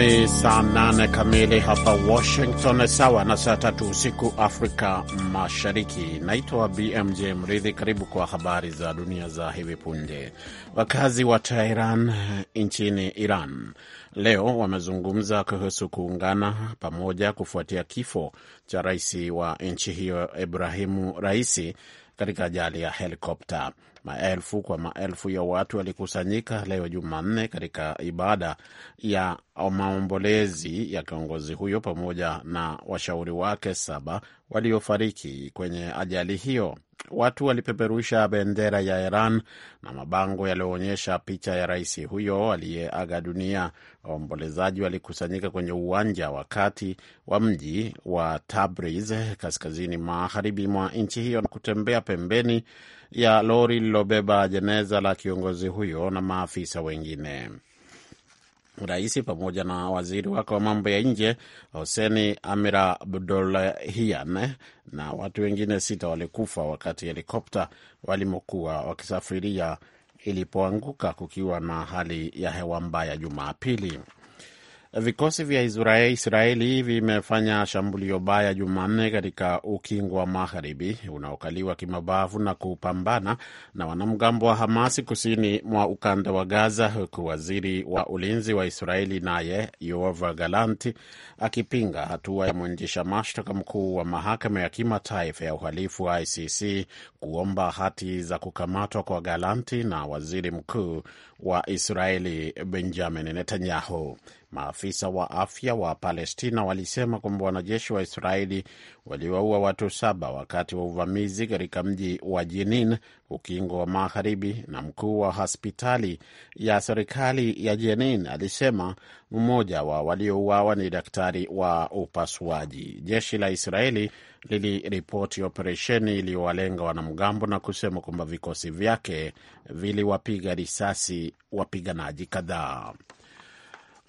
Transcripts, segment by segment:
Ni saa nane kamili hapa Washington, sawa na saa tatu usiku Afrika Mashariki. Naitwa BMJ Mridhi, karibu kwa habari za dunia za hivi punde. Wakazi wa teheran nchini Iran leo wamezungumza kuhusu kuungana pamoja kufuatia kifo cha rais wa nchi hiyo Ibrahimu Raisi katika ajali ya helikopta. Maelfu kwa maelfu ya watu walikusanyika leo Jumanne katika ibada ya maombolezi ya kiongozi huyo pamoja na washauri wake saba waliofariki kwenye ajali hiyo. Watu walipeperusha bendera ya Iran na mabango yaliyoonyesha picha ya rais huyo aliyeaga dunia. Waombolezaji walikusanyika kwenye uwanja wa kati wa mji wa Tabriz, kaskazini magharibi mwa nchi hiyo, na kutembea pembeni ya lori lililobeba jeneza la kiongozi huyo na maafisa wengine. Rais pamoja na waziri wake wa mambo ya nje Hoseni Amira Abdulahian na watu wengine sita walikufa wakati helikopta walimokuwa wakisafiria ilipoanguka kukiwa na hali ya hewa mbaya Jumapili. Vikosi vya Israeli vimefanya shambulio baya Jumanne katika ukingo wa magharibi unaokaliwa kimabavu na kupambana na wanamgambo wa Hamasi kusini mwa ukanda wa Gaza, huku waziri wa ulinzi wa Israeli naye Yoav Galanti akipinga hatua ya mwendesha mashtaka mkuu wa mahakama ya kimataifa ya uhalifu wa ICC kuomba hati za kukamatwa kwa Galanti na waziri mkuu wa Israeli Benjamin Netanyahu. Maafisa wa afya wa Palestina walisema kwamba wanajeshi wa Israeli waliwaua watu saba wakati wa uvamizi katika mji wa Jenin, ukingo wa Magharibi, na mkuu wa hospitali ya serikali ya Jenin alisema mmoja wa waliouawa ni daktari wa upasuaji. Jeshi la Israeli liliripoti operesheni iliyowalenga wanamgambo na kusema kwamba vikosi vyake viliwapiga risasi wapiganaji kadhaa.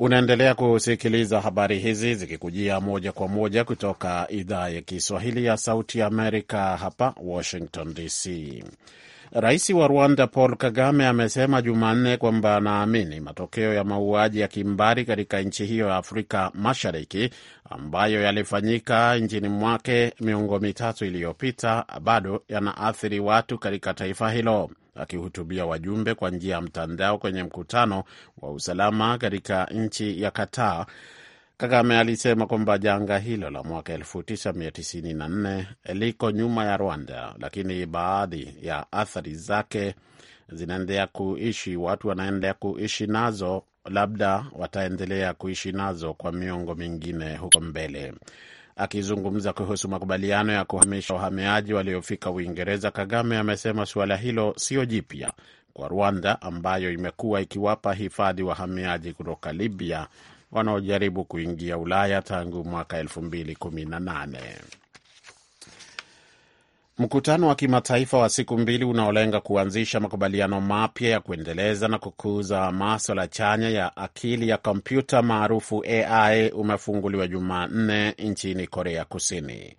Unaendelea kusikiliza habari hizi zikikujia moja kwa moja kutoka idhaa ya Kiswahili ya Sauti ya Amerika hapa Washington DC. Rais wa Rwanda Paul Kagame amesema Jumanne kwamba anaamini matokeo ya mauaji ya kimbari katika nchi hiyo ya Afrika Mashariki ambayo yalifanyika nchini mwake miongo mitatu iliyopita bado yanaathiri watu katika taifa hilo. Akihutubia wajumbe kwa njia ya mtandao kwenye mkutano wa usalama katika nchi ya Qatar, Kagame alisema kwamba janga hilo la mwaka 1994 liko nyuma ya Rwanda, lakini baadhi ya athari zake zinaendelea kuishi, watu wanaendelea kuishi nazo, labda wataendelea kuishi nazo kwa miongo mingine huko mbele. Akizungumza kuhusu makubaliano ya kuhamisha wahamiaji waliofika Uingereza, Kagame amesema suala hilo sio jipya kwa Rwanda, ambayo imekuwa ikiwapa hifadhi wahamiaji kutoka Libya wanaojaribu kuingia Ulaya tangu mwaka 2018. Mkutano wa kimataifa wa siku mbili unaolenga kuanzisha makubaliano mapya ya kuendeleza na kukuza maswala chanya ya akili ya kompyuta maarufu AI umefunguliwa Jumanne nchini Korea Kusini.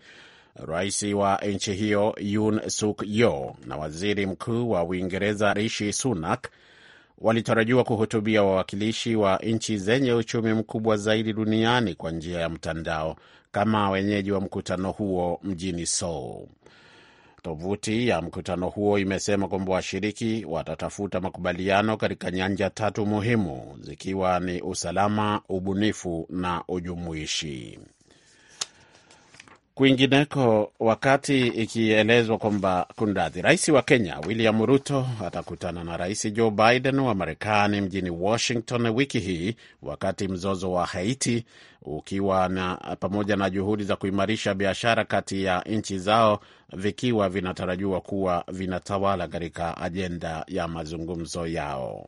Rais wa nchi hiyo Yoon Suk Yeol na waziri mkuu wa Uingereza Rishi Sunak walitarajiwa kuhutubia wawakilishi wa nchi zenye uchumi mkubwa zaidi duniani kwa njia ya mtandao kama wenyeji wa mkutano huo mjini Seoul. Tovuti ya mkutano huo imesema kwamba washiriki watatafuta makubaliano katika nyanja tatu muhimu zikiwa ni usalama, ubunifu na ujumuishi. Kwingineko, wakati ikielezwa kwamba kundadhi, rais wa Kenya William Ruto atakutana na rais Joe Biden wa Marekani mjini Washington wiki hii, wakati mzozo wa Haiti ukiwa na pamoja na juhudi za kuimarisha biashara kati ya nchi zao vikiwa vinatarajiwa kuwa vinatawala katika ajenda ya mazungumzo yao.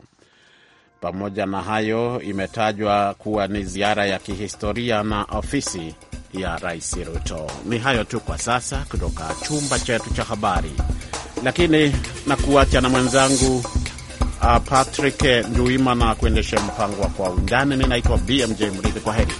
Pamoja na hayo, imetajwa kuwa ni ziara ya kihistoria na ofisi ya Rais Ruto. Ni hayo tu kwa sasa kutoka chumba chetu cha habari, lakini na kuacha na mwenzangu uh, Patrick Nduima na kuendesha mpango wa kwa undani. Mimi naitwa BMJ Mridhi, kwa heri.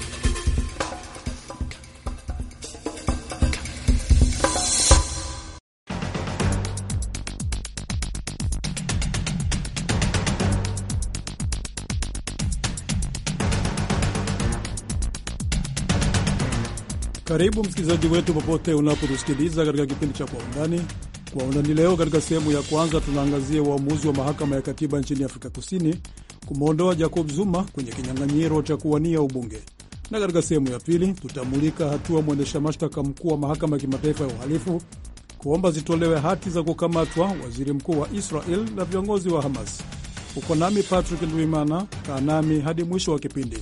Karibu msikilizaji wetu popote unapotusikiliza katika kipindi cha Kwa Undani. Kwa Undani leo, katika sehemu ya kwanza tunaangazia uamuzi wa mahakama ya katiba nchini Afrika Kusini kumwondoa Jacob Zuma kwenye kinyang'anyiro cha kuwania ubunge, na katika sehemu ya pili tutamulika hatua mwendesha mashtaka mkuu wa mahakama ya kimataifa ya uhalifu kuomba zitolewe hati za kukamatwa waziri mkuu wa Israel na viongozi wa Hamas. Uko nami Patrick Ndwimana, kaa nami hadi mwisho wa kipindi.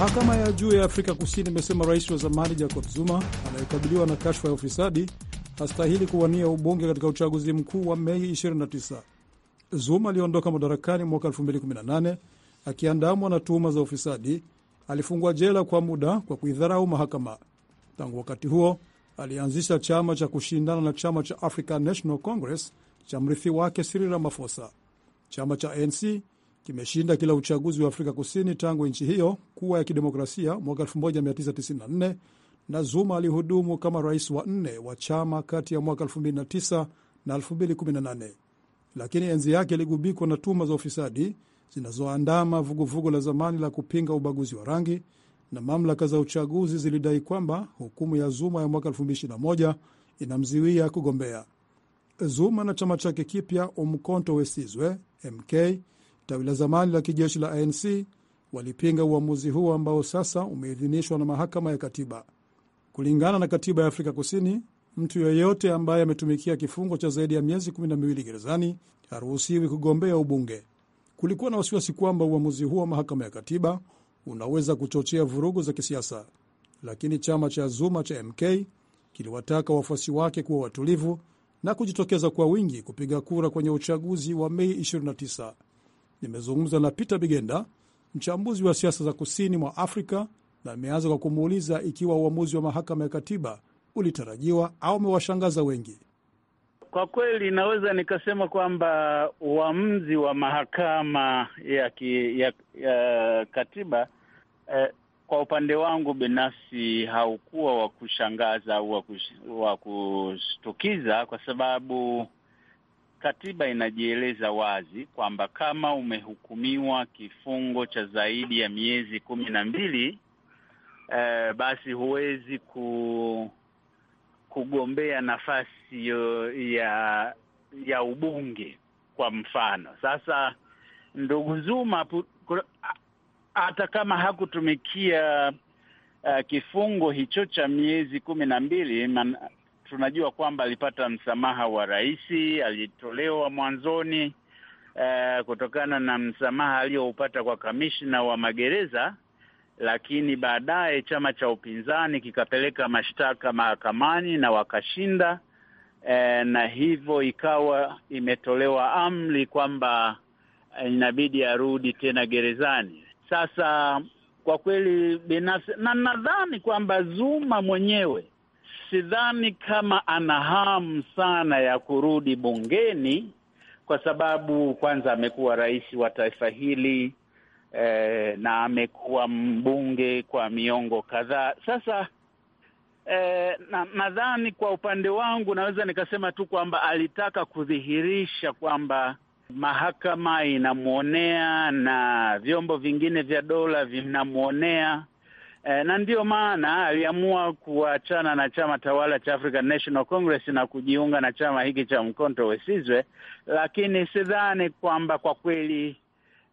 Mahakama ya juu ya Afrika Kusini imesema rais wa zamani Jacob Zuma anayekabiliwa na kashfa ya ufisadi hastahili kuwania ubunge katika uchaguzi mkuu wa Mei 29. Zuma aliondoka madarakani mwaka 2018 akiandamwa na tuhuma za ufisadi. Alifungwa jela kwa muda kwa kuidharau mahakama. Tangu wakati huo alianzisha chama cha kushindana na chama cha African National Congress cha mrithi wake Cyril Ramaphosa. Chama cha ANC kimeshinda kila uchaguzi wa Afrika Kusini tangu nchi hiyo kuwa ya kidemokrasia mwaka 1994 na Zuma alihudumu kama rais wa nne wa chama kati ya mwaka 2009 na 2018, lakini enzi yake iligubikwa na tuma za ufisadi zinazoandama vuguvugu la zamani la kupinga ubaguzi wa rangi, na mamlaka za uchaguzi zilidai kwamba hukumu ya Zuma ya mwaka 2021 inamziwia kugombea. Zuma na chama chake kipya Umkhonto Wesizwe MK tawi la zamani la kijeshi la ANC walipinga uamuzi huo ambao sasa umeidhinishwa na mahakama ya katiba. Kulingana na katiba ya Afrika Kusini, mtu yeyote ambaye ametumikia kifungo cha zaidi ya miezi kumi na miwili gerezani haruhusiwi kugombea ubunge. Kulikuwa na wasiwasi kwamba uamuzi huo wa mahakama ya katiba unaweza kuchochea vurugu za kisiasa, lakini chama cha Zuma cha MK kiliwataka wafuasi wake kuwa watulivu na kujitokeza kwa wingi kupiga kura kwenye uchaguzi wa Mei 29. Nimezungumza na Peter Bigenda, mchambuzi wa siasa za kusini mwa Afrika, na ameanza kwa kumuuliza ikiwa uamuzi wa mahakama ya katiba ulitarajiwa au umewashangaza wengi. Kwa kweli naweza nikasema kwamba uamuzi wa mahakama ya, ki, ya, ya katiba eh, kwa upande wangu binafsi haukuwa wa kushangaza au wa kushtukiza, kwa sababu Katiba inajieleza wazi kwamba kama umehukumiwa kifungo cha zaidi ya miezi kumi na mbili eh, basi huwezi ku, kugombea nafasi ya ya ubunge kwa mfano. Sasa ndugu Zuma hata kama hakutumikia uh, kifungo hicho cha miezi kumi na mbili tunajua kwamba alipata msamaha wa rais, alitolewa mwanzoni eh, kutokana na msamaha aliyoupata kwa kamishna wa magereza, lakini baadaye chama cha upinzani kikapeleka mashtaka mahakamani na wakashinda. Eh, na hivyo ikawa imetolewa amri kwamba eh, inabidi arudi tena gerezani. Sasa kwa kweli binafsi, na nadhani kwamba Zuma mwenyewe sidhani kama ana hamu sana ya kurudi bungeni kwa sababu kwanza amekuwa rais wa taifa hili eh, na amekuwa mbunge kwa miongo kadhaa sasa. Eh, nadhani na kwa upande wangu naweza nikasema tu kwamba alitaka kudhihirisha kwamba mahakama inamwonea na vyombo vingine vya dola vinamwonea e, na ndiyo maana aliamua kuachana na chama tawala cha African National Congress na kujiunga na chama hiki cha Mkonto Wesizwe, lakini sidhani kwamba kwa kweli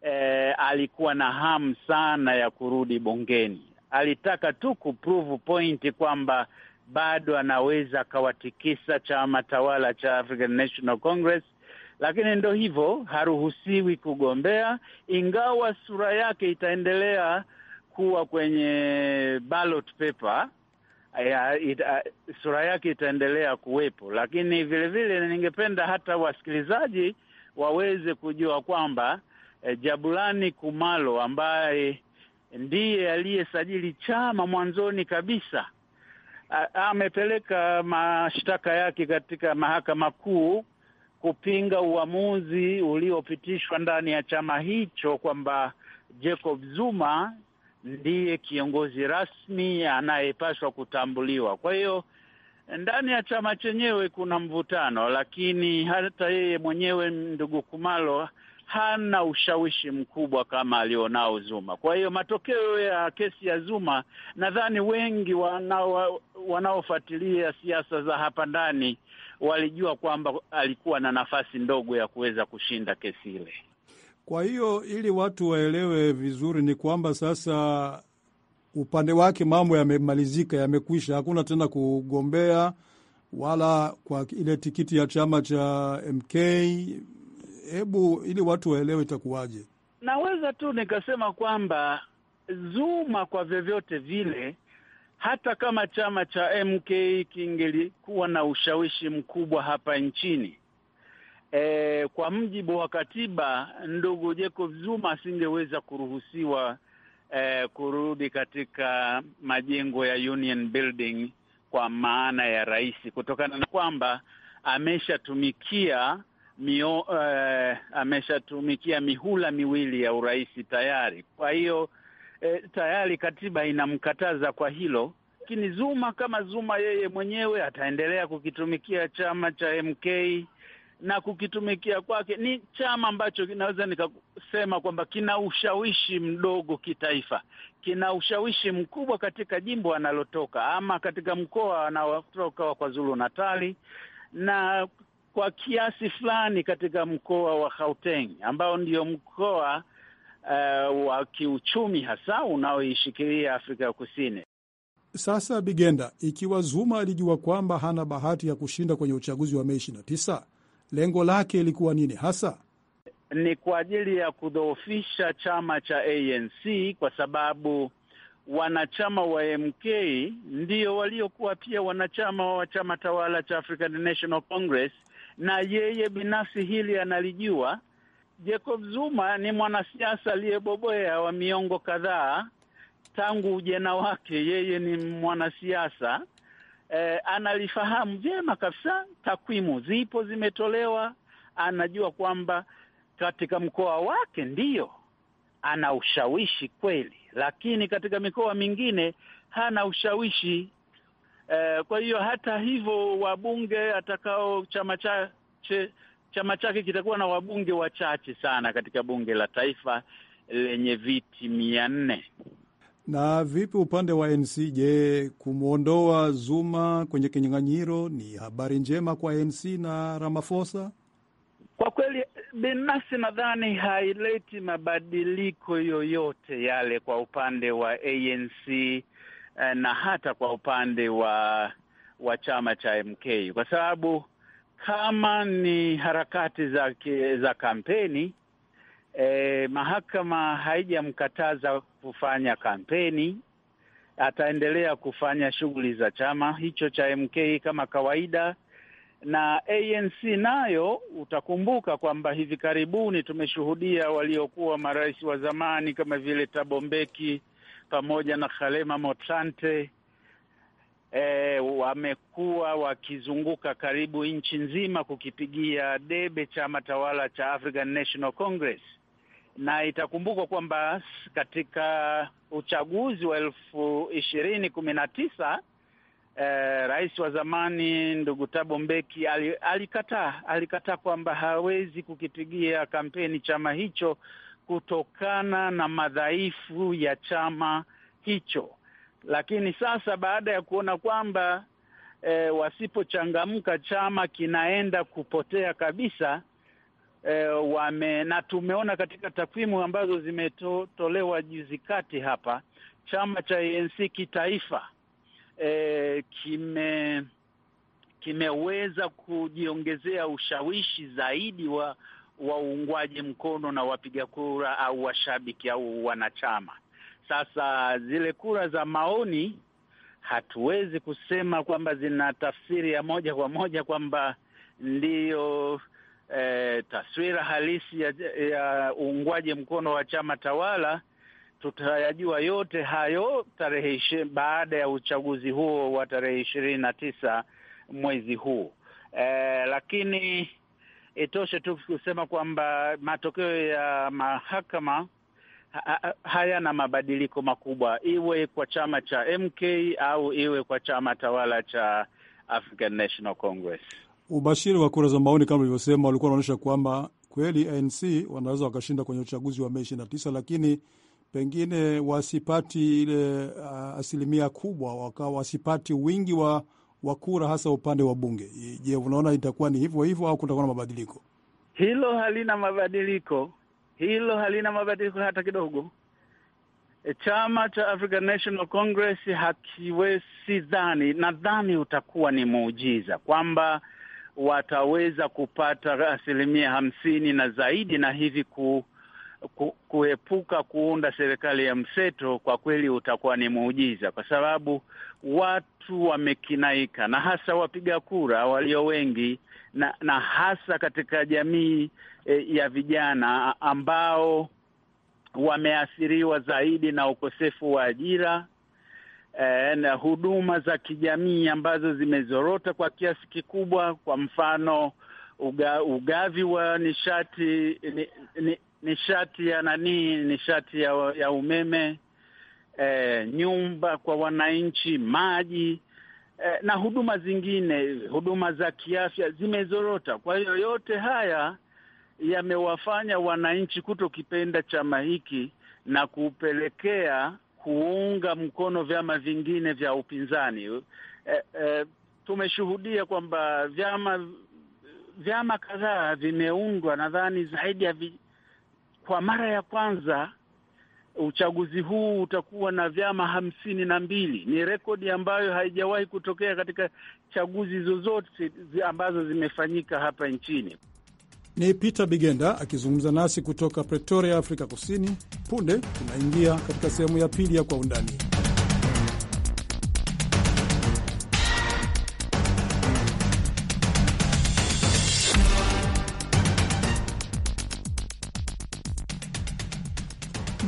e, alikuwa na hamu sana ya kurudi bungeni. Alitaka tu kuprove point kwamba bado anaweza akawatikisa chama tawala cha African National Congress, lakini ndo hivyo, haruhusiwi kugombea, ingawa sura yake itaendelea kuwa kwenye ballot paper ya, ita, uh, sura yake itaendelea kuwepo, lakini vilevile ningependa hata wasikilizaji waweze kujua kwamba eh, Jabulani Kumalo ambaye ndiye aliyesajili chama mwanzoni kabisa amepeleka mashtaka yake katika mahakama kuu kupinga uamuzi uliopitishwa ndani ya chama hicho kwamba Jacob Zuma ndiye kiongozi rasmi anayepaswa kutambuliwa. Kwa hiyo ndani ya chama chenyewe kuna mvutano, lakini hata yeye mwenyewe ndugu Kumalo hana ushawishi mkubwa kama alionao Zuma. Kwa hiyo matokeo ya kesi ya Zuma, nadhani wengi wanaofuatilia siasa za hapa ndani walijua kwamba alikuwa na nafasi ndogo ya kuweza kushinda kesi ile. Kwa hiyo ili watu waelewe vizuri ni kwamba sasa upande wake mambo yamemalizika, yamekwisha, hakuna tena kugombea wala kwa ile tikiti ya chama cha MK. Hebu ili watu waelewe itakuwaje, naweza tu nikasema kwamba Zuma kwa vyovyote vile, hata kama chama cha MK kingelikuwa na ushawishi mkubwa hapa nchini, e, kwa mjibu wa katiba, ndugu Jacob Zuma asingeweza kuruhusiwa e, kurudi katika majengo ya Union Building kwa maana ya rais, kutokana na kwamba ameshatumikia mio, e, ameshatumikia mihula miwili ya urais tayari. Kwa hiyo eh, tayari katiba inamkataza kwa hilo lakini Zuma kama Zuma yeye mwenyewe ataendelea kukitumikia chama cha MK na kukitumikia kwake ni chama ambacho kinaweza nikasema kwamba kina ushawishi mdogo kitaifa, kina ushawishi mkubwa katika jimbo analotoka ama katika mkoa anaotoka wa KwaZulu Natali na kwa kiasi fulani katika mkoa wa Gauteng ambao ndio mkoa uh, wa kiuchumi hasa unaoishikilia Afrika ya Kusini. Sasa Bigenda, ikiwa Zuma alijua kwamba hana bahati ya kushinda kwenye uchaguzi wa Mei 29 lengo lake ilikuwa nini hasa? Ni kwa ajili ya kudhoofisha chama cha ANC kwa sababu wanachama wa MK ndio waliokuwa pia wanachama wa chama tawala cha African National Congress, na yeye binafsi hili analijua. Jacob Zuma ni mwanasiasa aliyebobea wa miongo kadhaa tangu ujana wake, yeye ni mwanasiasa eh, analifahamu vyema kabisa. Takwimu zipo zimetolewa, anajua kwamba katika mkoa wake ndiyo ana ushawishi kweli, lakini katika mikoa mingine hana ushawishi. Eh, kwa hiyo hata hivyo wabunge atakao chama chake chama chake kitakuwa na wabunge wachache sana katika bunge la taifa lenye viti mia nne. Na vipi upande wa NC? Je, kumwondoa Zuma kwenye kinyang'anyiro ni habari njema kwa NC na Ramaphosa? Kwa kweli binafsi nadhani haileti mabadiliko yoyote yale kwa upande wa ANC eh, na hata kwa upande wa wa chama cha MK kwa sababu kama ni harakati za, za kampeni eh, mahakama haijamkataza kufanya kampeni, ataendelea kufanya shughuli za chama hicho cha MK kama kawaida na ANC nayo utakumbuka kwamba hivi karibuni tumeshuhudia waliokuwa marais wa zamani kama vile Thabo Mbeki pamoja na Kgalema Motlanthe e, wamekuwa wakizunguka karibu nchi nzima kukipigia debe chama tawala cha African National Congress na itakumbukwa kwamba katika uchaguzi wa elfu ishirini kumi na tisa eh, rais wa zamani ndugu Thabo Mbeki alikataa alikataa kwamba hawezi kukipigia kampeni chama hicho kutokana na madhaifu ya chama hicho. Lakini sasa baada ya kuona kwamba eh, wasipochangamka chama kinaenda kupotea kabisa e, wame na tumeona katika takwimu ambazo zimetolewa juzi kati hapa, chama cha ANC kitaifa e, kime kimeweza kujiongezea ushawishi zaidi wa waungwaji mkono na wapiga kura au washabiki au wanachama. Sasa zile kura za maoni hatuwezi kusema kwamba zina tafsiri ya moja kwa moja kwamba ndiyo e, taswira halisi ya, ya uungwaji mkono wa chama tawala tutayajua yote hayo tarehe baada ya uchaguzi huo wa tarehe ishirini na tisa mwezi huu e, lakini itoshe tu kusema kwamba matokeo ya mahakama ha hayana mabadiliko makubwa, iwe kwa chama cha MK au iwe kwa chama tawala cha African National Congress ubashiri wa kura za maoni kama ulivyosema, walikuwa wanaonyesha kwamba kweli ANC wanaweza wakashinda kwenye uchaguzi wa Mei 29 lakini pengine wasipati ile uh, asilimia kubwa waka, wasipati wingi wa, wa kura hasa upande wa bunge. Je, unaona itakuwa ni hivyo hivyo au kutakuwa na mabadiliko? Hilo halina mabadiliko, hilo halina mabadiliko hata kidogo. E, chama cha African National Congress hakiwezi, sidhani, nadhani utakuwa ni muujiza kwamba wataweza kupata asilimia hamsini na zaidi, na hivi ku, ku, kuepuka kuunda serikali ya mseto, kwa kweli utakuwa ni muujiza, kwa sababu watu wamekinaika, na hasa wapiga kura walio wengi na, na hasa katika jamii e, ya vijana ambao wameathiriwa zaidi na ukosefu wa ajira eh, na huduma za kijamii ambazo zimezorota kwa kiasi kikubwa. Kwa mfano uga, ugavi wa nishati ni, ni, nishati ya nanii nishati ya, ya umeme eh, nyumba kwa wananchi, maji eh, na huduma zingine, huduma za kiafya zimezorota. Kwa hiyo yote haya yamewafanya wananchi kutokipenda chama hiki na kupelekea kuunga mkono vyama vingine vya upinzani. E, e, tumeshuhudia kwamba vyama vyama kadhaa vimeundwa, nadhani zaidi ya vi... kwa mara ya kwanza uchaguzi huu utakuwa na vyama hamsini na mbili. Ni rekodi ambayo haijawahi kutokea katika chaguzi zozote ambazo zimefanyika hapa nchini. Ni Peter Bigenda akizungumza nasi kutoka Pretoria, Afrika Kusini. Punde tunaingia katika sehemu ya pili ya Kwa Undani.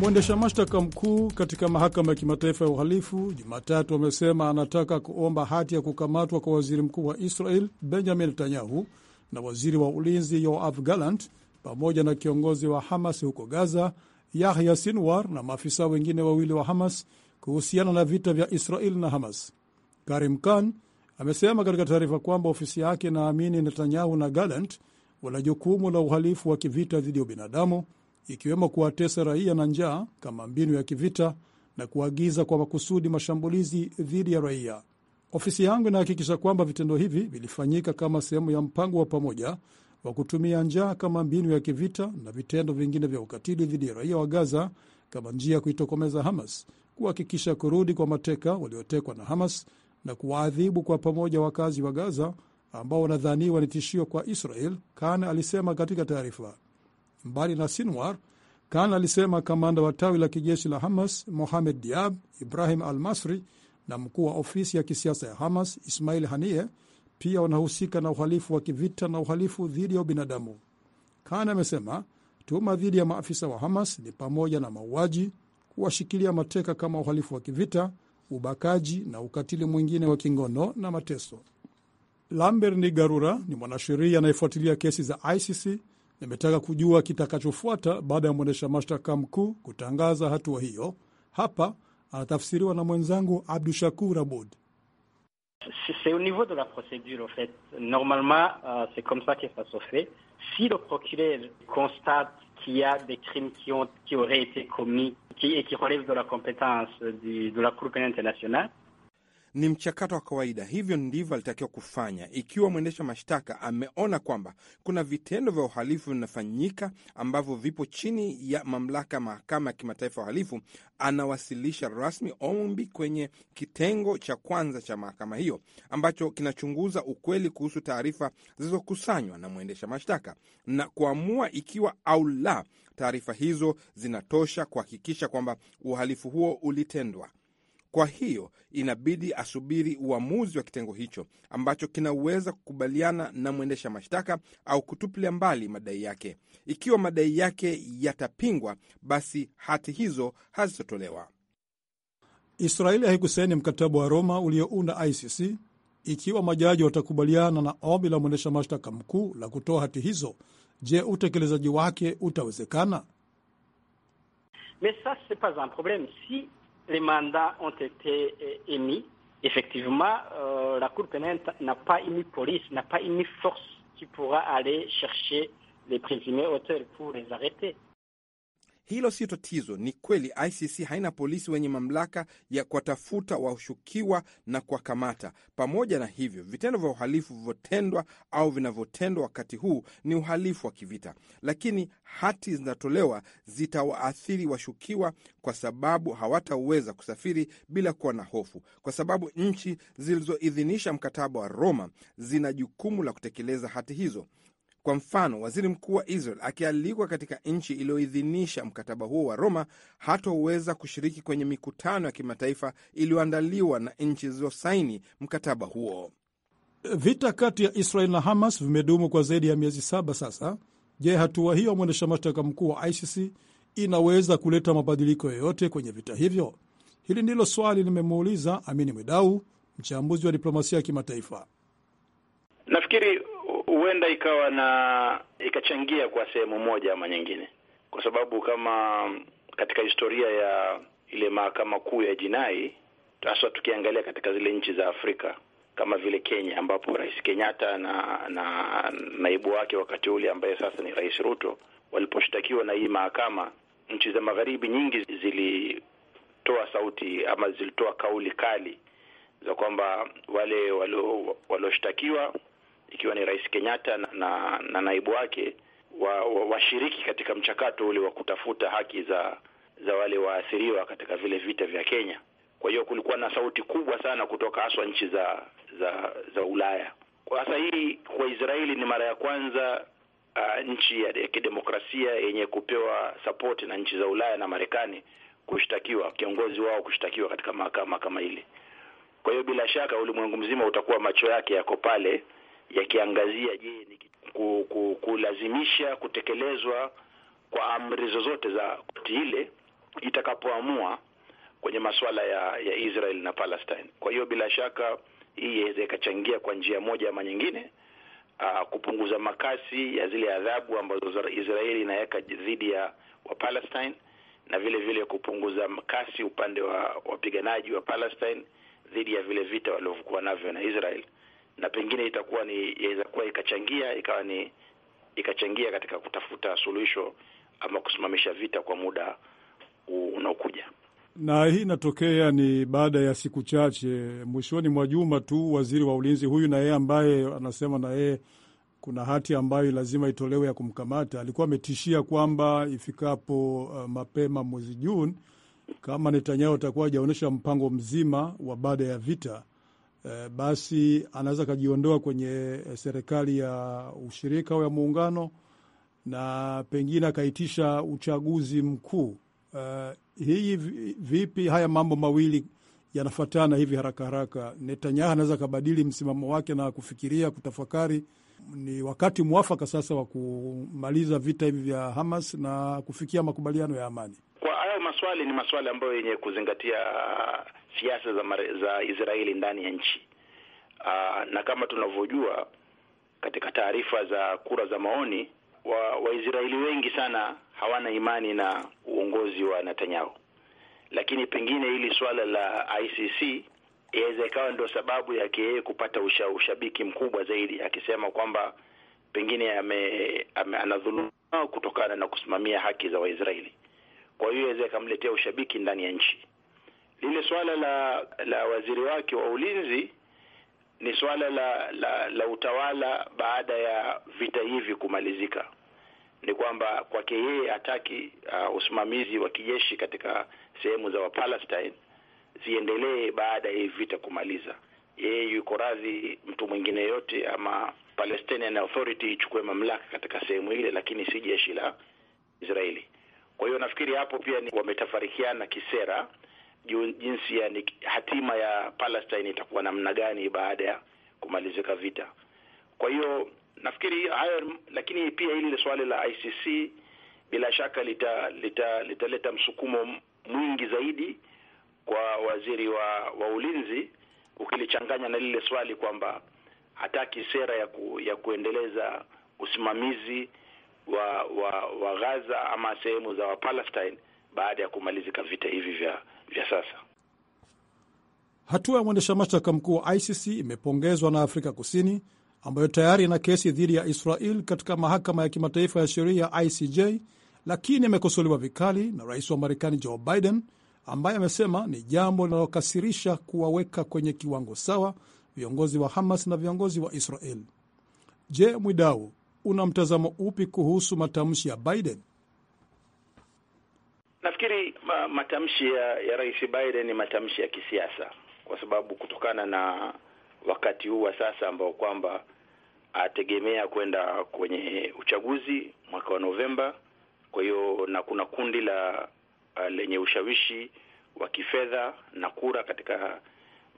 Mwendesha mashtaka mkuu katika mahakama ya kimataifa ya uhalifu Jumatatu amesema anataka kuomba hati ya kukamatwa kwa waziri mkuu wa Israel Benjamin Netanyahu na waziri wa ulinzi Yoav Gallant pamoja na kiongozi wa Hamas huko Gaza Yahya Sinwar na maafisa wengine wawili wa Hamas kuhusiana na vita vya Israel na Hamas. Karim Khan amesema katika taarifa kwamba ofisi yake inaamini Netanyahu na Gallant wana jukumu la uhalifu wa kivita dhidi ya binadamu, ikiwemo kuwatesa raia na njaa kama mbinu ya kivita na kuagiza kwa makusudi mashambulizi dhidi ya raia. Ofisi yangu inahakikisha kwamba vitendo hivi vilifanyika kama sehemu ya mpango wa pamoja wa kutumia njaa kama mbinu ya kivita na vitendo vingine vya ukatili dhidi ya raia wa Gaza kama njia ya kuitokomeza Hamas, kuhakikisha kurudi kwa mateka waliotekwa na Hamas na kuwaadhibu kwa pamoja wakazi wa Gaza ambao wanadhaniwa ni tishio kwa Israel, kan alisema katika taarifa. Mbali na Sinwar, kan alisema kamanda wa tawi la kijeshi la Hamas Mohamed Diab Ibrahim al Masri na mkuu wa ofisi ya kisiasa ya Hamas Ismail Haniyeh pia wanahusika na uhalifu wa kivita na uhalifu dhidi ya ubinadamu. Khan amesema tuhuma dhidi ya maafisa wa Hamas ni pamoja na mauaji, kuwashikilia mateka kama uhalifu wa kivita, ubakaji na ukatili mwingine wa kingono na mateso. Lambert Nigarura ni mwanasheria anayefuatilia kesi za ICC nimetaka kujua kitakachofuata baada ya mwendesha mashtaka mkuu kutangaza hatua hiyo. Hapa C'est au niveau de la procédure, en fait. Normalement, euh, c'est comme ça que ça se fait. Si le procureur constate qu'il y a des crimes qui, ont, qui auraient été commis qui, et qui relèvent de la compétence du, de la Cour pénale internationale, ni mchakato wa kawaida, hivyo ndivyo alitakiwa kufanya. Ikiwa mwendesha mashtaka ameona kwamba kuna vitendo vya uhalifu vinafanyika ambavyo vipo chini ya mamlaka ya mahakama ya kimataifa ya uhalifu, anawasilisha rasmi ombi kwenye kitengo cha kwanza cha mahakama hiyo ambacho kinachunguza ukweli kuhusu taarifa zilizokusanywa na mwendesha mashtaka na kuamua ikiwa au la taarifa hizo zinatosha kuhakikisha kwamba uhalifu huo ulitendwa. Kwa hiyo inabidi asubiri uamuzi wa kitengo hicho ambacho kinaweza kukubaliana na mwendesha mashtaka au kutupilia mbali madai yake. Ikiwa madai yake yatapingwa, basi hati hizo hazitotolewa. Israeli haikusaini mkataba wa Roma uliounda ICC. Ikiwa majaji watakubaliana na ombi la mwendesha mashtaka mkuu la kutoa hati hizo, je, utekelezaji wake utawezekana? Mais ça, c'est pas un problème. Si les mandats ont été euh, émis. Effectivement, euh, la Cour pénale n'a pas émis police, n'a pas émis force qui pourra aller chercher les présumés auteurs pour les arrêter. Hilo sio tatizo. Ni kweli ICC haina polisi wenye mamlaka ya kuwatafuta washukiwa na kuwakamata. Pamoja na hivyo, vitendo vya uhalifu vilivyotendwa au vinavyotendwa wakati huu ni uhalifu wa kivita, lakini hati zinatolewa zitawaathiri washukiwa kwa sababu hawataweza kusafiri bila kuwa na hofu, kwa sababu nchi zilizoidhinisha mkataba wa Roma zina jukumu la kutekeleza hati hizo. Kwa mfano, waziri mkuu wa Israel akialikwa katika nchi iliyoidhinisha mkataba huo wa Roma hatoweza kushiriki kwenye mikutano ya kimataifa iliyoandaliwa na nchi zilizosaini mkataba huo. Vita kati ya Israel na Hamas vimedumu kwa zaidi ya miezi saba sasa. Je, hatua hiyo mwendesha mashtaka mkuu wa ICC inaweza kuleta mabadiliko yoyote kwenye vita hivyo? Hili ndilo swali limemuuliza Amini Mwidau, mchambuzi wa diplomasia ya kimataifa. Nafikiri huenda ikawa na ikachangia kwa sehemu moja ama nyingine, kwa sababu kama katika historia ya ile mahakama kuu ya jinai, hasa tukiangalia katika zile nchi za Afrika kama vile Kenya ambapo Rais Kenyatta na na naibu wake wakati ule ambaye sasa ni Rais Ruto waliposhtakiwa na hii mahakama, nchi za magharibi nyingi zilitoa sauti ama zilitoa kauli kali za kwamba wale walioshtakiwa ikiwa ni Rais Kenyatta na, na, na naibu wake washiriki wa, wa katika mchakato ule wa kutafuta haki za za wale waathiriwa katika vile vita vya Kenya. Kwa hiyo kulikuwa na sauti kubwa sana kutoka haswa nchi za za za Ulaya. Kwa sasa hii kwa Israeli ni mara ya kwanza uh, nchi ya kidemokrasia yenye kupewa sapoti na nchi za Ulaya na Marekani kushtakiwa, kiongozi wao kushtakiwa katika mahakama kama ile. Kwa hiyo bila shaka ulimwengu mzima utakuwa macho yake yako pale yakiangazia je, ni kulazimisha kutekelezwa kwa amri zozote za koti ile itakapoamua kwenye masuala ya, ya Israel na Palestine. Kwa hiyo bila shaka hii yaweza ikachangia kwa njia moja ama nyingine aa, kupunguza makasi ya zile adhabu ambazo Israeli inaweka dhidi ya wa Palestine na vile vile kupunguza makasi upande wa wapiganaji wa Palestine dhidi ya vile vita walivyokuwa navyo na Israel na pengine itakuwa ni yaweza kuwa ikachangia ikawa ni ikachangia katika kutafuta suluhisho ama kusimamisha vita kwa muda unaokuja. Na hii inatokea ni baada ya siku chache, mwishoni mwa juma tu, waziri wa ulinzi huyu na yeye ambaye anasema na yeye kuna hati ambayo lazima itolewe ya kumkamata, alikuwa ametishia kwamba ifikapo uh, mapema mwezi Juni, kama Netanyahu atakuwa hajaonyesha mpango mzima wa baada ya vita e, basi anaweza akajiondoa kwenye eh, serikali ya ushirika au ya muungano na pengine akaitisha uchaguzi mkuu. Uh, hii vipi? Haya mambo mawili yanafuatana hivi haraka haraka. Netanyahu anaweza akabadili msimamo wake na kufikiria, kutafakari ni wakati mwafaka sasa wa kumaliza vita hivi vya Hamas na kufikia makubaliano ya amani maswali ni maswali ambayo yenye kuzingatia uh, siasa za, za Israeli ndani ya nchi aa, uh, na kama tunavyojua katika taarifa za kura za maoni wa Waisraeli wengi sana hawana imani na uongozi wa Netanyahu, lakini pengine hili swala la ICC yaweza ikawa ndio sababu yake yeye kupata usha, ushabiki mkubwa zaidi, akisema kwamba pengine ame, ame, anadhulumiwa kutokana na kusimamia haki za Waisraeli kwa hiyo aweza ikamletea ushabiki ndani ya nchi. Lile swala la la waziri wake wa ulinzi ni swala la, la la utawala baada ya vita hivi kumalizika. Ni kwamba kwake yeye hataki uh, usimamizi wa kijeshi katika sehemu za Wapalestine ziendelee baada ya hivi vita kumaliza. Yeye yuko radhi mtu mwingine yote ama Palestinian Authority ichukue mamlaka katika sehemu ile, lakini si jeshi la Israeli. Kwa hiyo nafikiri hapo pia ni wametafarikiana kisera juu jinsi ya ni hatima ya Palestine itakuwa namna gani baada ya kumalizika vita. Kwa hiyo nafikiri hayo, lakini pia hili swali la ICC bila shaka litaleta lita, lita msukumo mwingi zaidi kwa waziri wa, wa ulinzi ukilichanganya na lile swali kwamba hataki sera ya, ku, ya kuendeleza usimamizi wa wa wa Gaza ama sehemu za Wapalestine baada ya kumalizika vita hivi vya vya sasa. Hatua ya mwendesha mashtaka mkuu wa ICC imepongezwa na Afrika Kusini ambayo tayari ina kesi dhidi ya Israel katika mahakama ya kimataifa ya sheria ICJ, lakini imekosolewa vikali na rais wa Marekani Joe Biden ambaye amesema ni jambo linalokasirisha kuwaweka kwenye kiwango sawa viongozi wa Hamas na viongozi wa Israel. Je, Mwidau, una mtazamo upi kuhusu matamshi ya Biden? Nafikiri ma, matamshi ya, ya Rais Biden ni matamshi ya kisiasa, kwa sababu kutokana na wakati huu wa sasa ambao kwamba ategemea kwenda kwenye uchaguzi mwaka wa Novemba. Kwa hiyo na kuna kundi la lenye ushawishi wa kifedha na kura katika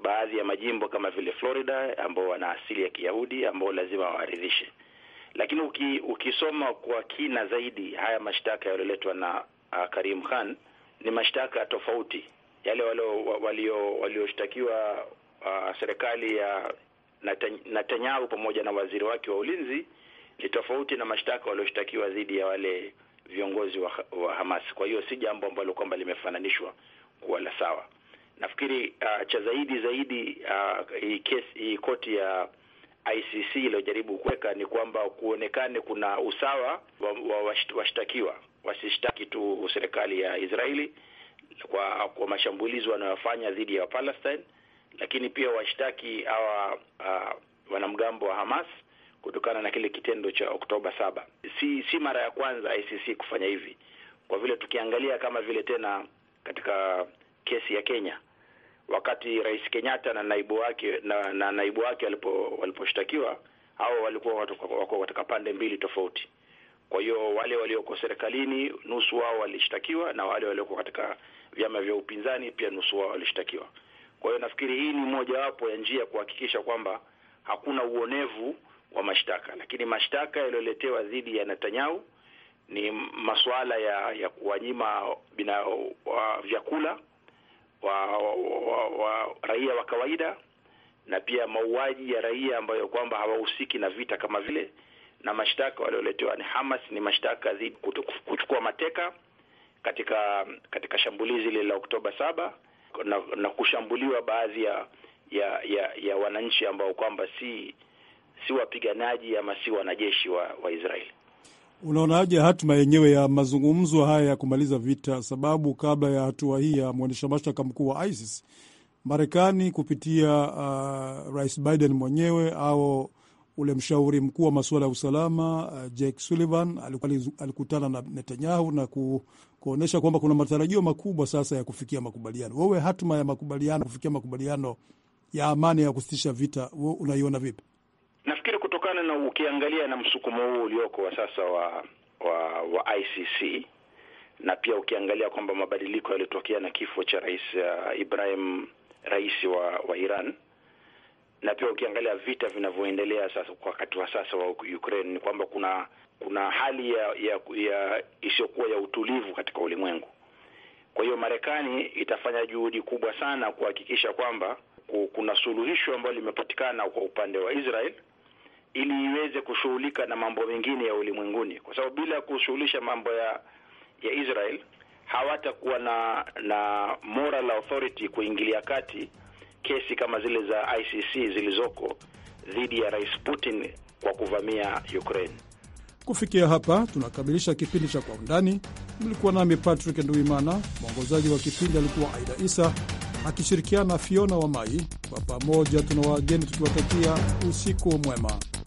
baadhi ya majimbo kama vile Florida ambao wana asili ya Kiyahudi ambao lazima wawaridhishe. Lakini uki, ukisoma kwa kina zaidi haya mashtaka yaliyoletwa na uh, Karim Khan ni mashtaka tofauti yale walioshtakiwa walio uh, serikali ya Netanyahu pamoja na waziri wake wa ulinzi ni tofauti na mashtaka walioshtakiwa dhidi ya wale viongozi wa, wa Hamas. Kwa hiyo si jambo ambalo kwamba limefananishwa kuwa la sawa. Nafikiri uh, cha zaidi zaidi uh, hii kesi hii koti ya ICC iliyojaribu kuweka ni kwamba kuonekane kuna usawa wa washtakiwa, wasishtaki tu serikali ya Israeli kwa kwa mashambulizi wanayofanya dhidi ya Palestine, lakini pia washtaki hawa uh, wanamgambo wa Hamas kutokana na kile kitendo cha Oktoba saba. Si si mara ya kwanza ICC kufanya hivi, kwa vile tukiangalia kama vile tena katika kesi ya Kenya wakati Rais Kenyatta na naibu wake na, na naibu wake waliposhtakiwa hao walikuwa wako katika pande mbili tofauti. Kwa hiyo wale walioko serikalini nusu wao walishtakiwa na wale walioko katika vyama vya upinzani pia nusu wao walishtakiwa. Kwa hiyo nafikiri hii ni mojawapo ya njia ya kuhakikisha kwamba hakuna uonevu wa mashtaka, lakini mashtaka yaliyoletewa dhidi ya Netanyahu ni masuala ya, ya kuwanyima bina, wa, vyakula wa, wa, wa raia wa kawaida na pia mauaji ya raia ambayo kwamba hawahusiki na vita kama vile, na mashtaka walioletewa ni Hamas ni mashtaka dhidi kuchukua mateka katika katika shambulizi lile la Oktoba saba na, na kushambuliwa baadhi ya ya ya, ya wananchi ambao kwamba si si wapiganaji ama si wanajeshi wa, wa Israeli. Unaonaje hatima yenyewe ya mazungumzo haya ya kumaliza vita? Sababu kabla ya hatua hii ya mwendesha mashtaka mkuu wa ISIS Marekani kupitia uh, Rais Biden mwenyewe au ule mshauri mkuu wa masuala ya usalama uh, Jake Sullivan alikutana na Netanyahu na ku, kuonyesha kwamba kuna matarajio makubwa sasa ya kufikia makubaliano. Wewe hatima ya makubaliano, kufikia makubaliano ya amani ya kusitisha vita, unaiona vipi? kutokana na ukiangalia na msukumo huu ulioko wa sasa wa wa, wa ICC na pia ukiangalia kwamba mabadiliko yalitokea na kifo cha rais uh, Ibrahim rais wa, wa Iran na pia ukiangalia vita vinavyoendelea sasa kwa wakati wa sasa wa Ukraine ni kwamba kuna kuna hali ya, ya, ya isiyokuwa ya utulivu katika ulimwengu. Kwa hiyo Marekani itafanya juhudi kubwa sana kuhakikisha kwamba kuna suluhisho ambalo limepatikana kwa upande wa Israel ili iweze kushughulika na mambo mengine ya ulimwenguni, kwa sababu bila kushughulisha mambo ya ya Israel hawatakuwa na na moral authority kuingilia kati kesi kama zile za ICC zilizoko dhidi ya Rais Putin kwa kuvamia Ukraine. Kufikia hapa tunakamilisha kipindi cha Kwa Undani. Mlikuwa nami Patrick Nduimana, mwongozaji wa kipindi alikuwa Aida Isa akishirikiana na Fiona wa Mai. Kwa pamoja tuna wageni tukiwatakia usiku mwema.